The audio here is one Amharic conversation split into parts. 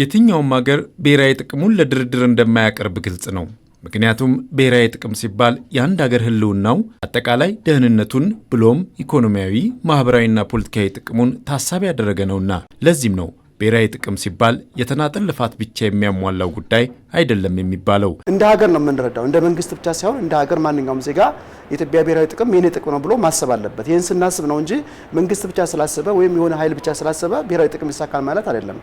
የትኛውም አገር ብሔራዊ ጥቅሙን ለድርድር እንደማያቀርብ ግልጽ ነው። ምክንያቱም ብሔራዊ ጥቅም ሲባል የአንድ አገር ህልውናው አጠቃላይ ደህንነቱን ብሎም ኢኮኖሚያዊ፣ ማኅበራዊና ፖለቲካዊ ጥቅሙን ታሳቢ ያደረገ ነውና ለዚህም ነው ብሔራዊ ጥቅም ሲባል የተናጠል ልፋት ብቻ የሚያሟላው ጉዳይ አይደለም የሚባለው። እንደ ሀገር ነው የምንረዳው፣ እንደ መንግስት ብቻ ሳይሆን እንደ ሀገር ማንኛውም ዜጋ የኢትዮጵያ ብሔራዊ ጥቅም የኔ ጥቅም ነው ብሎ ማሰብ አለበት። ይህን ስናስብ ነው እንጂ መንግስት ብቻ ስላሰበ ወይም የሆነ ኃይል ብቻ ስላሰበ ብሔራዊ ጥቅም ይሳካል ማለት አይደለም።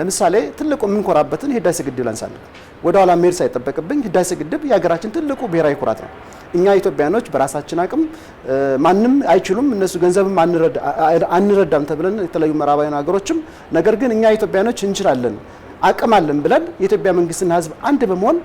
ለምሳሌ ትልቁ የምንኮራበትን የህዳሴ ግድብ ላንሳለን። ወደ ኋላ መሄድ ሳይጠበቅብኝ ህዳሴ ግድብ የሀገራችን ትልቁ ብሔራዊ ኩራት ነው። እኛ ኢትዮጵያኖች በራሳችን አቅም ማንም አይችሉም፣ እነሱ ገንዘብም አንረዳም ተብለን የተለያዩ ምዕራባውያን ሀገሮችም ነገር ግን እኛ ኢትዮጵያኖች እንችላለን አቅም አለን ብለን የኢትዮጵያ መንግስትና ህዝብ አንድ በመሆን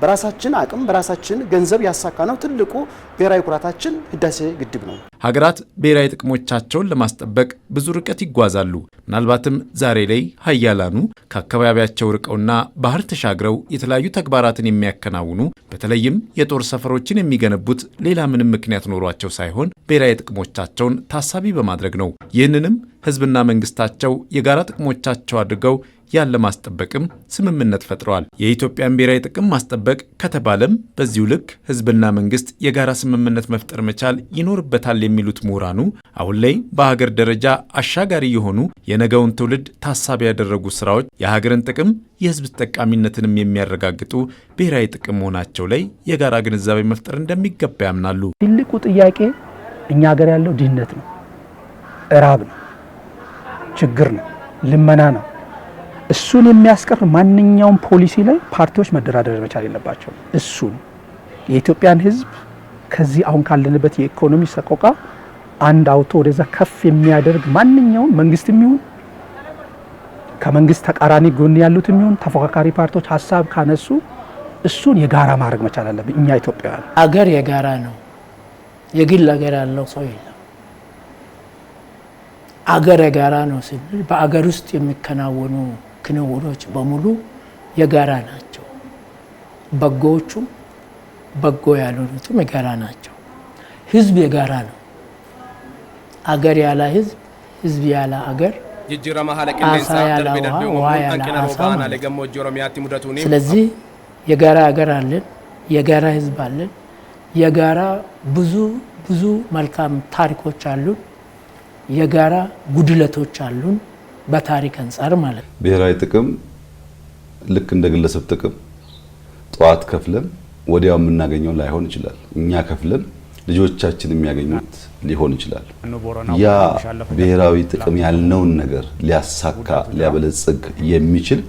በራሳችን አቅም በራሳችን ገንዘብ ያሳካ ነው። ትልቁ ብሔራዊ ኩራታችን ህዳሴ ግድብ ነው። ሀገራት ብሔራዊ ጥቅሞቻቸውን ለማስጠበቅ ብዙ ርቀት ይጓዛሉ። ምናልባትም ዛሬ ላይ ሀያላኑ ከአካባቢያቸው ርቀውና ባህር ተሻግረው የተለያዩ ተግባራትን የሚያከናውኑ በተለይም የጦር ሰፈሮችን የሚገነቡት ሌላ ምንም ምክንያት ኖሯቸው ሳይሆን ብሔራዊ ጥቅሞቻቸውን ታሳቢ በማድረግ ነው። ይህንንም ህዝብና መንግስታቸው የጋራ ጥቅሞቻቸው አድርገው ያለ ማስጠበቅም ስምምነት ፈጥረዋል። የኢትዮጵያን ብሔራዊ ጥቅም ማስጠበቅ ከተባለም በዚሁ ልክ ህዝብና መንግስት የጋራ ስምምነት መፍጠር መቻል ይኖርበታል የሚሉት ምሁራኑ አሁን ላይ በሀገር ደረጃ አሻጋሪ የሆኑ የነገውን ትውልድ ታሳቢ ያደረጉ ስራዎች የሀገርን ጥቅም የህዝብ ተጠቃሚነትንም የሚያረጋግጡ ብሔራዊ ጥቅም መሆናቸው ላይ የጋራ ግንዛቤ መፍጠር እንደሚገባ ያምናሉ። ትልቁ ጥያቄ እኛ ሀገር ያለው ድህነት ነው፣ እራብ ነው፣ ችግር ነው፣ ልመና ነው። እሱን የሚያስቀር ማንኛውም ፖሊሲ ላይ ፓርቲዎች መደራደር መቻል የለባቸው። እሱን የኢትዮጵያን ሕዝብ ከዚህ አሁን ካለንበት የኢኮኖሚ ሰቆቃ አንድ አውቶ ወደዛ ከፍ የሚያደርግ ማንኛውም መንግስት የሚሆን ከመንግስት ተቃራኒ ጎን ያሉት የሚሆን ተፎካካሪ ፓርቲዎች ሀሳብ ካነሱ እሱን የጋራ ማድረግ መቻል አለብን። እኛ ኢትዮጵያውያን አገር የጋራ ነው። የግል አገር ያለው ሰው የለም። አገር የጋራ ነው ስንል በአገር ውስጥ የሚከናወኑ ክንውኖች በሙሉ የጋራ ናቸው። በጎዎቹም በጎ ያልሆኑትም የጋራ ናቸው። ህዝብ የጋራ ነው። አገር ያለ ህዝብ፣ ህዝብ ያለ አገር፣ ስለዚህ የጋራ ሀገር አለን፣ የጋራ ህዝብ አለን፣ የጋራ ብዙ ብዙ መልካም ታሪኮች አሉን፣ የጋራ ጉድለቶች አሉን። በታሪክ አንጻር ማለት ነው። ብሔራዊ ጥቅም ልክ እንደ ግለሰብ ጥቅም ጠዋት ከፍለን ወዲያው የምናገኘው ላይሆን ይችላል። እኛ ከፍለን ልጆቻችን የሚያገኙት ሊሆን ይችላል። ያ ብሔራዊ ጥቅም ያልነውን ነገር ሊያሳካ ሊያበለጽግ የሚችል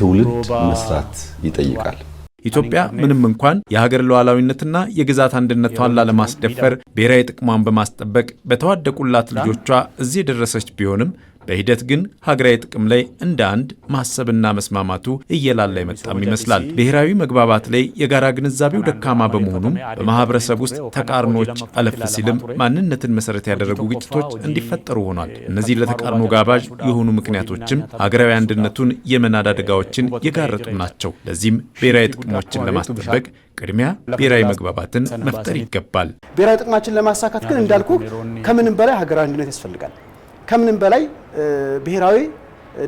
ትውልድ መስራት ይጠይቃል። ኢትዮጵያ ምንም እንኳን የሀገር ሉዓላዊነትና የግዛት አንድነቷን ላለማስደፈር ብሔራዊ ጥቅሟን በማስጠበቅ በተዋደቁላት ልጆቿ እዚህ የደረሰች ቢሆንም በሂደት ግን ሀገራዊ ጥቅም ላይ እንደ አንድ ማሰብና መስማማቱ እየላላ የመጣም ይመስላል። ብሔራዊ መግባባት ላይ የጋራ ግንዛቤው ደካማ በመሆኑም በማህበረሰብ ውስጥ ተቃርኖች አለፍ ሲልም ማንነትን መሰረት ያደረጉ ግጭቶች እንዲፈጠሩ ሆኗል። እነዚህ ለተቃርኖ ጋባዥ የሆኑ ምክንያቶችም ሀገራዊ አንድነቱን የመናድ አደጋዎችን የጋረጡ ናቸው። ለዚህም ብሔራዊ ጥቅሞችን ለማስጠበቅ ቅድሚያ ብሔራዊ መግባባትን መፍጠር ይገባል። ብሔራዊ ጥቅማችን ለማሳካት ግን እንዳልኩ ከምንም በላይ ሀገራዊ አንድነት ያስፈልጋል። ከምንም በላይ ብሔራዊ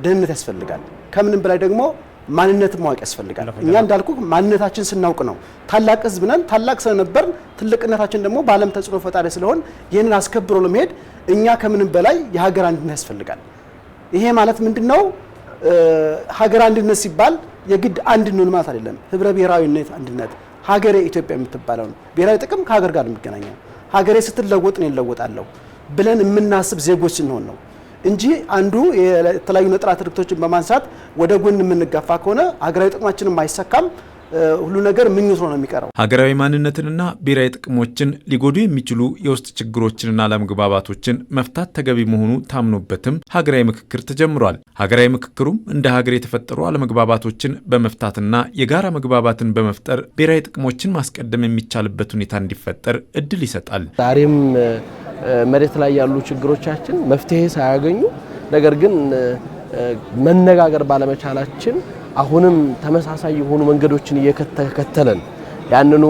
ደህንነት ያስፈልጋል። ከምንም በላይ ደግሞ ማንነት ማወቅ ያስፈልጋል። እኛ እንዳልኩ ማንነታችን ስናውቅ ነው ታላቅ ህዝብ ነን። ታላቅ ስለነበር ትልቅነታችን ደግሞ በዓለም ተጽዕኖ ፈጣሪ ስለሆን ይህንን አስከብሮ ለመሄድ እኛ ከምንም በላይ የሀገር አንድነት ያስፈልጋል። ይሄ ማለት ምንድን ነው? ሀገር አንድነት ሲባል የግድ አንድ ነን ማለት አይደለም። ህብረ ብሔራዊነት አንድነት ሀገሬ ኢትዮጵያ የምትባለው ነው። ብሔራዊ ጥቅም ከሀገር ጋር የሚገናኘው ሀገሬ ስትለወጥ ነው ይለወጣለሁ ብለን የምናስብ ዜጎች ስንሆን ነው እንጂ አንዱ የተለያዩ ንጥረ ትርክቶችን በማንሳት ወደ ጎን የምንገፋ ከሆነ ሀገራዊ ጥቅማችንም አይሰካም። ሁሉ ነገር ምኞት ነው የሚቀረው። ሀገራዊ ማንነትንና ብሔራዊ ጥቅሞችን ሊጎዱ የሚችሉ የውስጥ ችግሮችንና አለመግባባቶችን መፍታት ተገቢ መሆኑ ታምኖበትም ሀገራዊ ምክክር ተጀምሯል። ሀገራዊ ምክክሩም እንደ ሀገር የተፈጠሩ አለመግባባቶችን በመፍታትና የጋራ መግባባትን በመፍጠር ብሔራዊ ጥቅሞችን ማስቀደም የሚቻልበት ሁኔታ እንዲፈጠር እድል ይሰጣል። ዛሬም መሬት ላይ ያሉ ችግሮቻችን መፍትሄ ሳያገኙ ነገር ግን መነጋገር ባለመቻላችን አሁንም ተመሳሳይ የሆኑ መንገዶችን እየተከተለን ያንኑ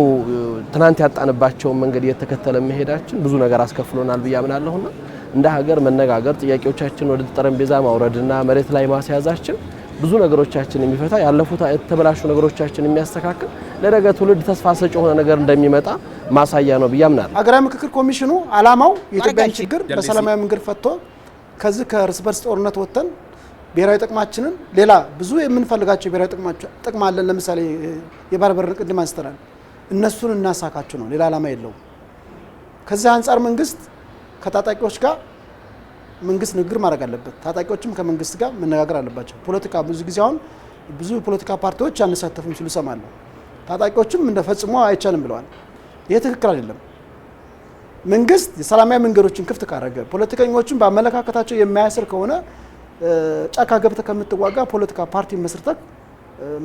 ትናንት ያጣንባቸውን መንገድ እየተከተለ መሄዳችን ብዙ ነገር አስከፍሎናል ብዬ አምናለሁና እንደ ሀገር መነጋገር ጥያቄዎቻችን ወደ ጠረጴዛ ማውረድና መሬት ላይ ማስያዛችን ብዙ ነገሮቻችን የሚፈታ ያለፉት የተበላሹ ነገሮቻችን የሚያስተካክል ለነገ ትውልድ ተስፋ ሰጪ የሆነ ነገር እንደሚመጣ ማሳያ ነው ብዬ አምናለሁ። ሀገራዊ ምክክር ኮሚሽኑ አላማው የኢትዮጵያን ችግር በሰላማዊ መንገድ ፈቶ ከዚህ ከእርስ በርስ ጦርነት ወጥተን ብሔራዊ ጥቅማችንን ሌላ ብዙ የምንፈልጋቸው ብሔራዊ ጥቅም አለን። ለምሳሌ የባህር በር ቅድም አንስተናል። እነሱን እናሳካቸው ነው፣ ሌላ ዓላማ የለውም። ከዚህ አንጻር መንግስት ከታጣቂዎች ጋር መንግስት ንግግር ማድረግ አለበት። ታጣቂዎችም ከመንግስት ጋር መነጋገር አለባቸው። ፖለቲካ ብዙ ጊዜ አሁን ብዙ የፖለቲካ ፓርቲዎች አንሳተፉም ሲሉ እሰማለሁ። ታጣቂዎችም እንደፈጽሞ አይቻልም ብለዋል። ይህ ትክክል አይደለም። መንግስት የሰላማዊ መንገዶችን ክፍት ካደረገ፣ ፖለቲከኞችን በአመለካከታቸው የማያስር ከሆነ ጫካ ገብተ ከምትዋጋ ፖለቲካ ፓርቲ መስርተህ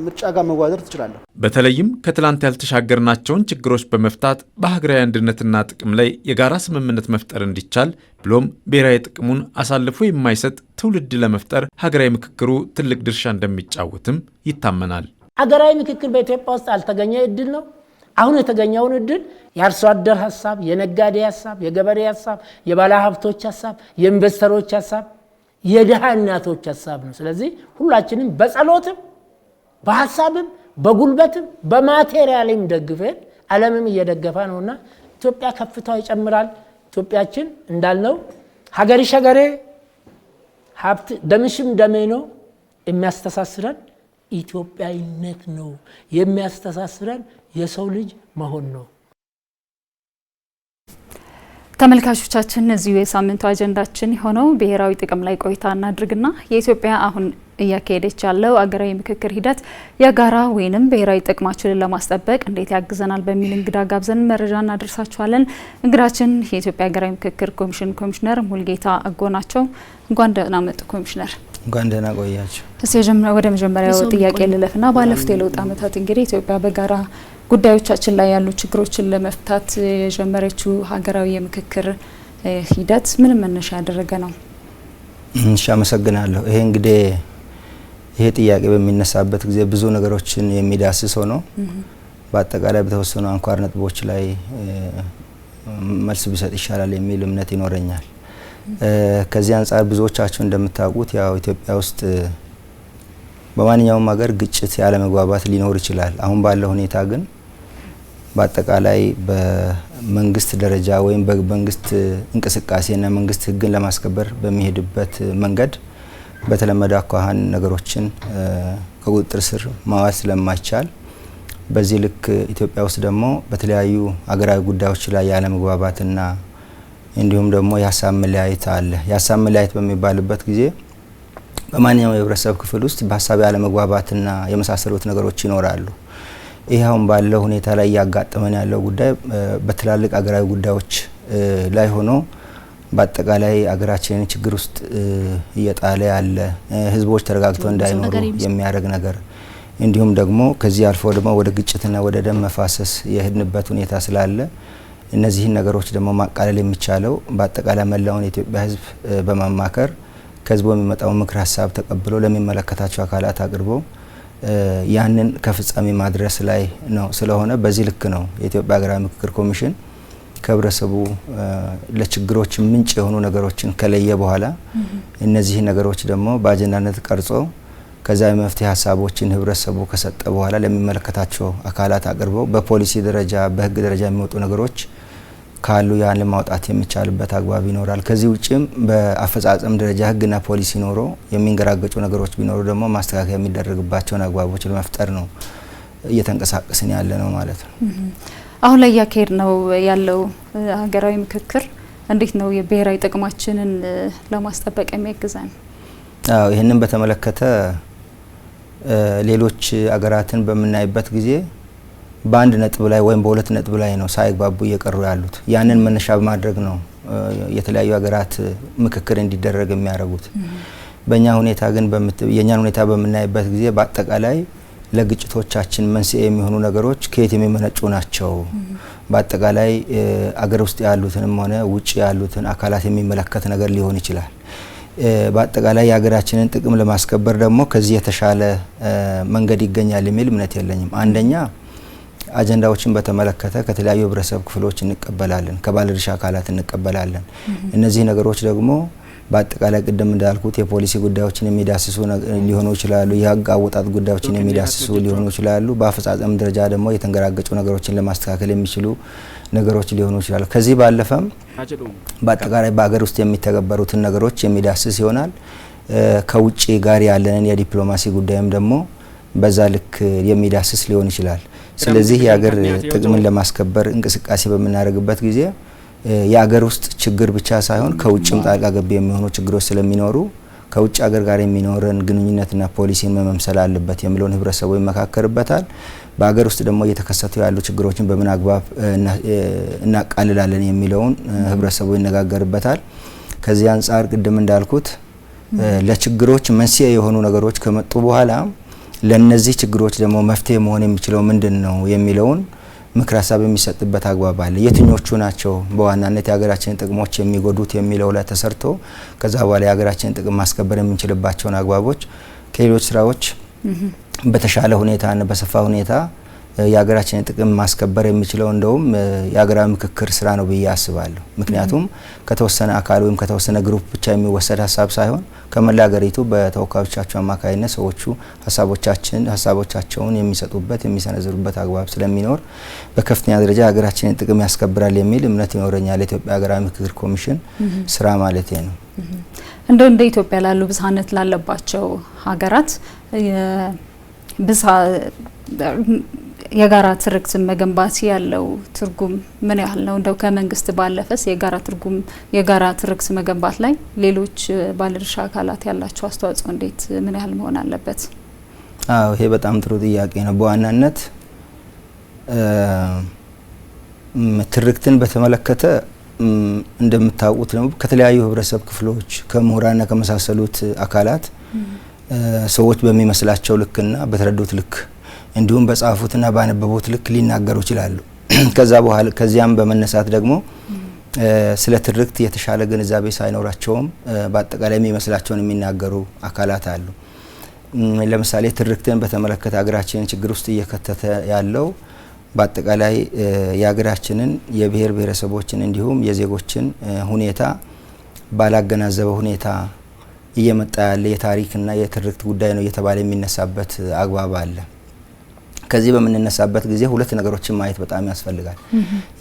ምርጫ ጋር መዋደር ትችላለህ። በተለይም ከትላንት ያልተሻገርናቸውን ችግሮች በመፍታት በሀገራዊ አንድነትና ጥቅም ላይ የጋራ ስምምነት መፍጠር እንዲቻል ብሎም ብሔራዊ ጥቅሙን አሳልፎ የማይሰጥ ትውልድ ለመፍጠር ሀገራዊ ምክክሩ ትልቅ ድርሻ እንደሚጫወትም ይታመናል። አገራዊ ምክክር በኢትዮጵያ ውስጥ አልተገኘ እድል ነው። አሁን የተገኘውን እድል የአርሶ አደር ሀሳብ፣ የነጋዴ ሀሳብ፣ የገበሬ ሀሳብ፣ የባለ ሀብቶች ሀሳብ፣ የኢንቨስተሮች ሀሳብ፣ የድሃ እናቶች ሀሳብ ነው። ስለዚህ ሁላችንም በጸሎትም በሀሳብም በጉልበትም በማቴሪያልም ደግፈን ዓለምም እየደገፈ ነውና ኢትዮጵያ ከፍታ ይጨምራል። ኢትዮጵያችን እንዳልነው ሀገሪ ሸገሬ ሀብት ደምሽም ደሜ ነው የሚያስተሳስረን ኢትዮጵያዊነት ነው የሚያስተሳስረን የሰው ልጅ መሆን ነው። ተመልካቾቻችን እነዚሁ የሳምንቱ አጀንዳችን የሆነው ብሔራዊ ጥቅም ላይ ቆይታ እናድርግና የኢትዮጵያ አሁን እያካሄደች ያለው አገራዊ ምክክር ሂደት የጋራ ወይንም ብሔራዊ ጥቅማችንን ለማስጠበቅ እንዴት ያግዘናል በሚል እንግዳ ጋብዘን መረጃ እናደርሳችኋለን። እንግዳችን የኢትዮጵያ ሀገራዊ ምክክር ኮሚሽን ኮሚሽነር ሙልጌታ አጎ ናቸው። እንኳን ደህና መጡ ኮሚሽነር። እንኳን ደህና ቆያችሁ። እስ ወደ መጀመሪያው ጥያቄ ልለፍና ባለፉት የለውጥ አመታት እንግዲህ ኢትዮጵያ በጋራ ጉዳዮቻችን ላይ ያሉ ችግሮችን ለመፍታት የጀመረችው ሀገራዊ የምክክር ሂደት ምን መነሻ ያደረገ ነው? እሺ፣ አመሰግናለሁ። ይሄ እንግዲህ ይሄ ጥያቄ በሚነሳበት ጊዜ ብዙ ነገሮችን የሚዳስስ ሆኖ በአጠቃላይ በተወሰኑ አንኳር ነጥቦች ላይ መልስ ቢሰጥ ይሻላል የሚል እምነት ይኖረኛል። ከዚህ አንጻር ብዙዎቻችሁ እንደምታውቁት ያው ኢትዮጵያ ውስጥ በማንኛውም ሀገር ግጭት ያለመግባባት ሊኖር ይችላል። አሁን ባለው ሁኔታ ግን በአጠቃላይ በመንግስት ደረጃ ወይም በመንግስት እንቅስቃሴና መንግስት ህግን ለማስከበር በሚሄድበት መንገድ በተለመደ አኳኋን ነገሮችን ከቁጥጥር ስር ማዋል ስለማይቻል በዚህ ልክ ኢትዮጵያ ውስጥ ደግሞ በተለያዩ ሀገራዊ ጉዳዮች ላይ ያለመግባባትና እንዲሁም ደግሞ የሀሳብ መለያየት አለ። የሀሳብ መለያየት በሚባልበት ጊዜ በማንኛውም የህብረተሰብ ክፍል ውስጥ በሀሳብ ያለመግባባትና የመሳሰሉት ነገሮች ይኖራሉ። ይህ አሁን ባለው ሁኔታ ላይ እያጋጠመን ያለው ጉዳይ በትላልቅ አገራዊ ጉዳዮች ላይ ሆኖ በአጠቃላይ አገራችንን ችግር ውስጥ እየጣለ ያለ ህዝቦች ተረጋግተው እንዳይኖሩ የሚያደርግ ነገር እንዲሁም ደግሞ ከዚህ አልፎ ደግሞ ወደ ግጭትና ወደ ደም መፋሰስ የሄድንበት ሁኔታ ስላለ እነዚህን ነገሮች ደግሞ ማቃለል የሚቻለው በአጠቃላይ መላውን የኢትዮጵያ ሕዝብ በማማከር ከሕዝቡ የሚመጣውን ምክር ሀሳብ ተቀብሎ ለሚመለከታቸው አካላት አቅርቦ ያንን ከፍጻሜ ማድረስ ላይ ነው። ስለሆነ በዚህ ልክ ነው የኢትዮጵያ ሀገራዊ ምክክር ኮሚሽን ከህብረተሰቡ ለችግሮች ምንጭ የሆኑ ነገሮችን ከለየ በኋላ እነዚህ ነገሮች ደግሞ በአጀንዳነት ቀርጾ ከዛ የመፍትሄ ሀሳቦችን ህብረተሰቡ ከሰጠ በኋላ ለሚመለከታቸው አካላት አቅርበው በፖሊሲ ደረጃ በህግ ደረጃ የሚወጡ ነገሮች ካሉ ያን ማውጣት የሚቻልበት አግባብ ይኖራል። ከዚህ ውጭም በአፈጻጸም ደረጃ ህግና ፖሊሲ ኖሮ የሚንገራገጩ ነገሮች ቢኖሩ ደግሞ ማስተካከያ የሚደረግባቸውን አግባቦች ለመፍጠር ነው እየተንቀሳቀስን ያለ ነው ማለት ነው። አሁን ላይ እያካሄድ ነው ያለው ሀገራዊ ምክክር እንዴት ነው የብሔራዊ ጥቅማችንን ለማስጠበቅ የሚያግዘን? ይህንን በተመለከተ ሌሎች አገራትን በምናይበት ጊዜ በአንድ ነጥብ ላይ ወይም በሁለት ነጥብ ላይ ነው ሳይግባቡ እየቀሩ ያሉት። ያንን መነሻ በማድረግ ነው የተለያዩ ሀገራት ምክክር እንዲደረግ የሚያደርጉት። በእኛ ሁኔታ ግን የእኛን ሁኔታ በምናይበት ጊዜ በአጠቃላይ ለግጭቶቻችን መንስኤ የሚሆኑ ነገሮች ከየት የሚመነጩ ናቸው? በአጠቃላይ አገር ውስጥ ያሉትንም ሆነ ውጭ ያሉትን አካላት የሚመለከት ነገር ሊሆን ይችላል። በአጠቃላይ የሀገራችንን ጥቅም ለማስከበር ደግሞ ከዚህ የተሻለ መንገድ ይገኛል የሚል እምነት የለኝም። አንደኛ አጀንዳዎችን በተመለከተ ከተለያዩ ህብረተሰብ ክፍሎች እንቀበላለን፣ ከባለድርሻ አካላት እንቀበላለን። እነዚህ ነገሮች ደግሞ በአጠቃላይ ቅድም እንዳልኩት የፖሊሲ ጉዳዮችን የሚዳስሱ ሊሆኑ ይችላሉ። የህግ አወጣጥ ጉዳዮችን የሚዳስሱ ሊሆኑ ይችላሉ። በአፈጻጸም ደረጃ ደግሞ የተንገራገጩ ነገሮችን ለማስተካከል የሚችሉ ነገሮች ሊሆኑ ይችላሉ። ከዚህ ባለፈም በአጠቃላይ በሀገር ውስጥ የሚተገበሩትን ነገሮች የሚዳስስ ይሆናል። ከውጭ ጋር ያለንን የዲፕሎማሲ ጉዳይም ደግሞ በዛ ልክ የሚዳስስ ሊሆን ይችላል። ስለዚህ የሀገር ጥቅምን ለማስከበር እንቅስቃሴ በምናደርግበት ጊዜ የሀገር ውስጥ ችግር ብቻ ሳይሆን ከውጭም ጣልቃ ገብ የሚሆኑ ችግሮች ስለሚኖሩ ከውጭ ሀገር ጋር የሚኖረን ግንኙነትና ፖሊሲን መመምሰል አለበት የሚለውን ህብረተሰቡ ይመካከርበታል። በሀገር ውስጥ ደግሞ እየተከሰቱ ያሉ ችግሮችን በምን አግባብ እናቃልላለን የሚለውን ህብረተሰቡ ይነጋገርበታል። ከዚህ አንጻር ቅድም እንዳልኩት ለችግሮች መንስኤ የሆኑ ነገሮች ከመጡ በኋላ ለነዚህ ችግሮች ደግሞ መፍትሄ መሆን የሚችለው ምንድን ነው የሚለውን ምክር ሀሳብ የሚሰጥበት አግባብ አለ። የትኞቹ ናቸው በዋናነት የሀገራችንን ጥቅሞች የሚጎዱት የሚለው ላይ ተሰርቶ ከዛ በኋላ የሀገራችንን ጥቅም ማስከበር የምንችልባቸውን አግባቦች ከሌሎች ስራዎች በተሻለ ሁኔታና በሰፋ ሁኔታ የሀገራችንን ጥቅም ማስከበር የሚችለው እንደውም የሀገራዊ ምክክር ስራ ነው ብዬ አስባለሁ። ምክንያቱም ከተወሰነ አካል ወይም ከተወሰነ ግሩፕ ብቻ የሚወሰድ ሀሳብ ሳይሆን ከመላ ሀገሪቱ በተወካዮቻቸው አማካኝነት ሰዎቹ ሀሳቦቻችን ሀሳቦቻቸውን የሚሰጡበት የሚሰነዝሩበት አግባብ ስለሚኖር በከፍተኛ ደረጃ ሀገራችንን ጥቅም ያስከብራል የሚል እምነት ይኖረኛል። የኢትዮጵያ ሀገራዊ ምክክር ኮሚሽን ስራ ማለት ነው። እንደው እንደ ኢትዮጵያ ላሉ ብዝሀነት ላለባቸው ሀገራት የጋራ ትርክትን መገንባት ያለው ትርጉም ምን ያህል ነው? እንደው ከመንግስት ባለፈስ የጋራ ትርጉም የጋራ ትርክት መገንባት ላይ ሌሎች ባለድርሻ አካላት ያላቸው አስተዋጽኦ እንዴት ምን ያህል መሆን አለበት? አዎ ይሄ በጣም ጥሩ ጥያቄ ነው። በዋናነት ትርክትን በተመለከተ እንደምታውቁት ነው ከተለያዩ ህብረተሰብ ክፍሎች ከምሁራንና ከመሳሰሉት አካላት ሰዎች በሚመስላቸው ልክና በተረዱት ልክ እንዲሁም በጻፉትና ባነበቡት ልክ ሊናገሩ ይችላሉ። ከዛ በኋላ ከዚያም በመነሳት ደግሞ ስለ ትርክት የተሻለ ግንዛቤ ሳይኖራቸውም በአጠቃላይ የሚመስላቸውን የሚናገሩ አካላት አሉ። ለምሳሌ ትርክትን በተመለከተ ሀገራችንን ችግር ውስጥ እየከተተ ያለው በአጠቃላይ የሀገራችንን የብሔር ብሔረሰቦችን እንዲሁም የዜጎችን ሁኔታ ባላገናዘበ ሁኔታ እየመጣ ያለ የታሪክና የትርክት ጉዳይ ነው እየተባለ የሚነሳበት አግባብ አለ። ከዚህ በምንነሳበት ጊዜ ሁለት ነገሮችን ማየት በጣም ያስፈልጋል።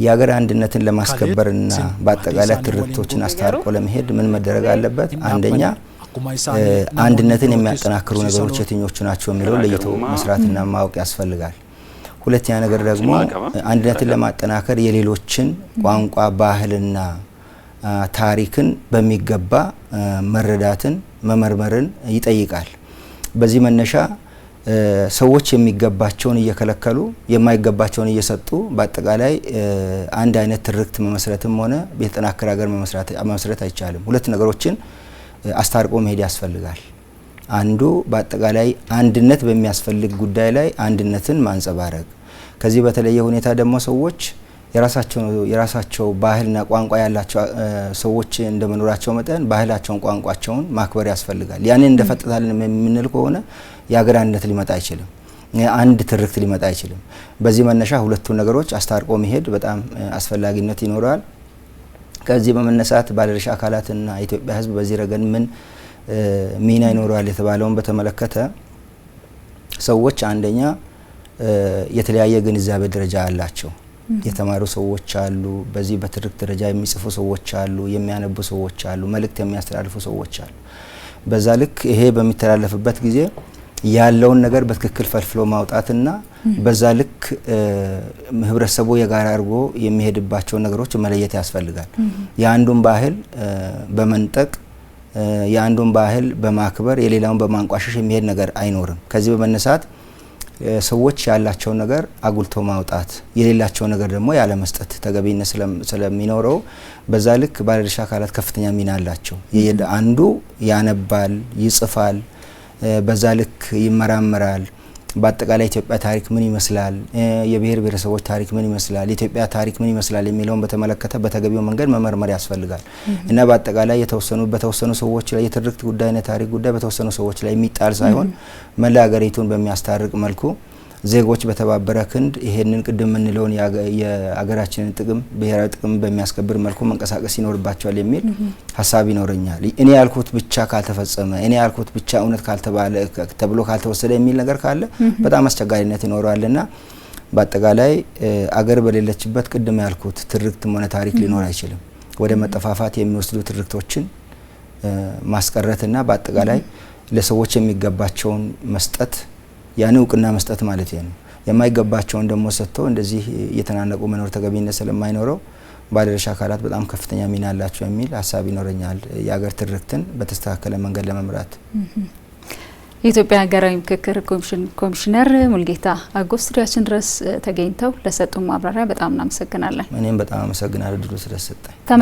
የሀገር አንድነትን ለማስከበርና በአጠቃላይ ትርክቶችን አስታርቆ ለመሄድ ምን መደረግ አለበት? አንደኛ አንድነትን የሚያጠናክሩ ነገሮች የትኞቹ ናቸው የሚለው ለይቶ መስራትና ማወቅ ያስፈልጋል። ሁለተኛ ነገር ደግሞ አንድነትን ለማጠናከር የሌሎችን ቋንቋ፣ ባህልና ታሪክን በሚገባ መረዳትን መመርመርን ይጠይቃል። በዚህ መነሻ ሰዎች የሚገባቸውን እየከለከሉ የማይገባቸውን እየሰጡ በአጠቃላይ አንድ አይነት ትርክት መመስረትም ሆነ የተጠናከረ ሀገር መመስረት አይቻልም። ሁለት ነገሮችን አስታርቆ መሄድ ያስፈልጋል። አንዱ በአጠቃላይ አንድነት በሚያስፈልግ ጉዳይ ላይ አንድነትን ማንጸባረቅ፣ ከዚህ በተለየ ሁኔታ ደግሞ ሰዎች የራሳቸው የራሳቸው ባህልና ቋንቋ ያላቸው ሰዎች እንደመኖራቸው መጠን ባህላቸውን፣ ቋንቋቸውን ማክበር ያስፈልጋል። ያንን እንደፈጥታለን የምንል ከሆነ የሀገር አንድነት ሊመጣ አይችልም። አንድ ትርክት ሊመጣ አይችልም። በዚህ መነሻ ሁለቱ ነገሮች አስታርቆ መሄድ በጣም አስፈላጊነት ይኖረዋል። ከዚህ በመነሳት ባለድርሻ አካላትና የኢትዮጵያ ሕዝብ በዚህ ረገድ ምን ሚና ይኖረዋል የተባለውን በተመለከተ ሰዎች አንደኛ የተለያየ ግንዛቤ ደረጃ አላቸው። የተማሩ ሰዎች አሉ። በዚህ በትርክ ደረጃ የሚጽፉ ሰዎች አሉ፣ የሚያነቡ ሰዎች አሉ፣ መልእክት የሚያስተላልፉ ሰዎች አሉ። በዛ ልክ ይሄ በሚተላለፍበት ጊዜ ያለውን ነገር በትክክል ፈልፍሎ ማውጣትና በዛ ልክ ህብረተሰቡ የጋራ አድርጎ የሚሄድባቸውን ነገሮች መለየት ያስፈልጋል። የአንዱን ባህል በመንጠቅ የአንዱን ባህል በማክበር የሌላውን በማንቋሸሽ የሚሄድ ነገር አይኖርም። ከዚህ በመነሳት ሰዎች ያላቸውን ነገር አጉልቶ ማውጣት የሌላቸው ነገር ደግሞ ያለመስጠት ተገቢነት ስለሚኖረው በዛ ልክ ባለድርሻ አካላት ከፍተኛ ሚና አላቸው። አንዱ ያነባል፣ ይጽፋል፣ በዛ ልክ ይመራመራል። በአጠቃላይ ኢትዮጵያ ታሪክ ምን ይመስላል፣ የብሔር ብሔረሰቦች ታሪክ ምን ይመስላል፣ የኢትዮጵያ ታሪክ ምን ይመስላል የሚለውን በተመለከተ በተገቢው መንገድ መመርመር ያስፈልጋል እና በአጠቃላይ የተወሰኑ በተወሰኑ ሰዎች ላይ የትርክት ጉዳይና የታሪክ ጉዳይ በተወሰኑ ሰዎች ላይ የሚጣል ሳይሆን መላ ሀገሪቱን በሚያስታርቅ መልኩ ዜጎች በተባበረ ክንድ ይሄንን ቅድም የምንለውን የአገራችንን ጥቅም ብሔራዊ ጥቅም በሚያስከብር መልኩ መንቀሳቀስ ይኖርባቸዋል የሚል ሀሳብ ይኖረኛል። እኔ ያልኩት ብቻ ካልተፈጸመ፣ እኔ ያልኩት ብቻ እውነት ካልተባለ ተብሎ ካልተወሰደ የሚል ነገር ካለ በጣም አስቸጋሪነት ይኖረዋልና በአጠቃላይ አገር በሌለችበት ቅድም ያልኩት ትርክትም ሆነ ታሪክ ሊኖር አይችልም። ወደ መጠፋፋት የሚወስዱ ትርክቶችን ማስቀረትና በአጠቃላይ ለሰዎች የሚገባቸውን መስጠት ያን እውቅና መስጠት ማለት ነው። የማይገባቸውን ደግሞ ሰጥተው እንደዚህ እየተናነቁ መኖር ተገቢነት ስለማይኖረው ባለድርሻ አካላት በጣም ከፍተኛ ሚና አላቸው የሚል ሀሳብ ይኖረኛል። የሀገር ትርክትን በተስተካከለ መንገድ ለመምራት የኢትዮጵያ ሀገራዊ ምክክር ኮሚሽነር ሙልጌታ አጎስ ስቱዲያችን ድረስ ተገኝተው ለሰጡን ማብራሪያ በጣም እናመሰግናለን። እኔም በጣም አመሰግናለሁ ድሉ ስለሰጠኝ።